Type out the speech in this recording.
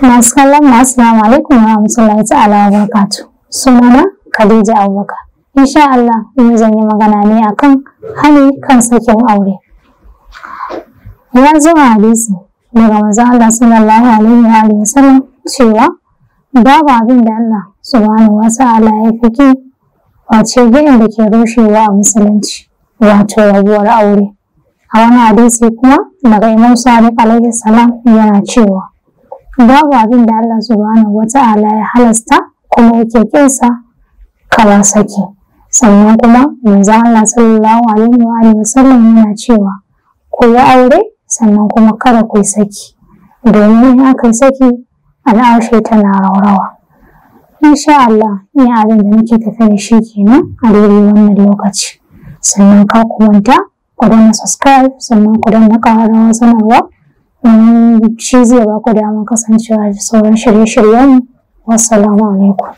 Masu kallon masu salamu alaikum wa rahmatullahi Sunana Khadija Abubakar. Insha Allah yau zan yi magana ne akan hani kan sakin aure. Ya zo a hadisi daga manzon Allah sallallahu alaihi wa alihi cewa babu abin da Allah subhanahu wa ta'ala ya fi ki wace gidan da ke rushewa a musulunci wato rabuwar aure. A wani hadisi kuma daga Imam Sadiq alaihi salam yana cewa babu abin da Allah subhanahu ta'ala ya halasta kuma yake kinsa kawa sake sannan kuma manzon Allah sallallahu alaihi wa alihi wasallam yana cewa ku yi aure sannan kuma kada ku yi saki domin in aka yi saki al'arshe tana raurawa insha Allah ni abin da nake tafi da shi kenan a daidai wannan lokaci sannan kar ku manta ku danna subscribe sannan ku danna ƙararrawar sanarwa shi zai ba ku damar kasancewa da sauran shirye-shiryen. Wassalamu alaikum.